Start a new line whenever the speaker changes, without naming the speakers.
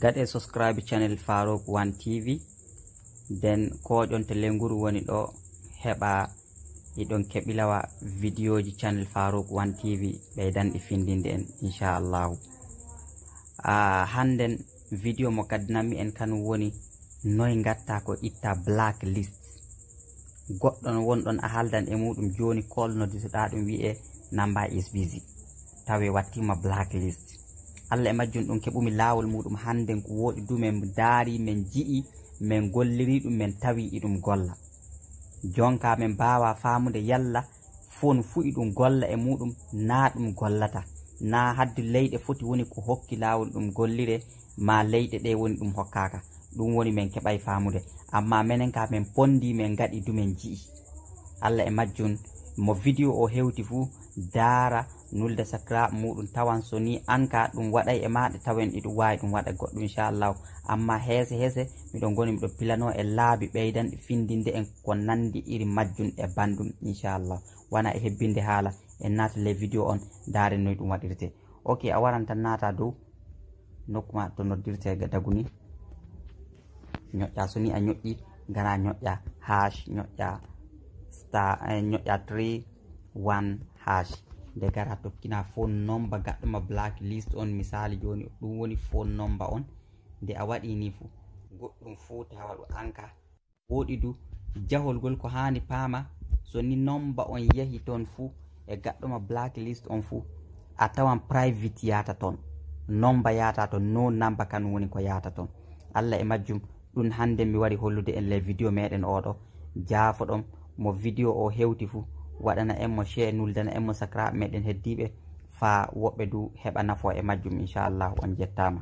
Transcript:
gaɗe subscribe channel farouk one tv nden ko ƴonte ley nguru woni ɗo heɓa iɗon keɓilawa vidiyoji channel farouk one tv ɓeydanɗi findindi en inchallahu hannden vidio mo kadinanmi en kanum woni noy gatta ko itta black list goɗɗon wonɗon a haldan e muɗum joni kolnodisoɗa ɗum wi'e namba isbisi tawi wattima black list allah e majjum ɗum keɓumi laawol muɗum hannde ngu wooɗi dumen daari men ji'i min golliri ɗum min tawi iɗum e golla jonka min mbawa faamude yalla fon fuu iɗum golla e muɗum na ɗum gollata na haddi leyɗe foti woni ko hokki laawol ɗum gollire ma leyɗe ɗe woni ɗum hokkaka ɗum woni min keɓay faamude amma minen ka min pondi min gaɗi dumen ji'i allah e majjum mo video o hewti fuu daara nulde sacra muɗum tawan so ni an ka ɗum waɗay e maɗe tawen iɗum wawi ɗum waɗa goɗɗum inchallahu amma heese heese miɗon goni miɗo pilano e laabi ɓeydanɗe findinde en ko nandi iri majjum e banndum inchallahu wona e hebbinde haala en naata le vidéo on daren noy ɗum waɗirte ok a waran tan naata dow nokkuma to noddirte daguni ñoƴƴa so ni a ñoƴƴi gara ñoƴƴa hash ñoƴƴa sta eh, ñoƴƴa 3 1 hash nde gara tokkina fon nomba gaɗɗoma black list on misali joni ɗum woni fon nomba on nde a waɗi ni fu goɗɗum fu tawa ɗo anka woɗi du jahol gol ko hani paama so ni nomba on yahi toon fu e gaɗɗoma black list on fu a tawan private yata toon nomba yata toon no namba kanum woni ko yata toon allah e majjum ɗum hande mi wari hollude en le video meɗen oɗo jaafo ɗon mo video o hewti fuu waɗana en mo che nuldana en mo sacra meɗen heddiɓe fa woɓɓe du heɓa nafo e majjum inchallahu on jettama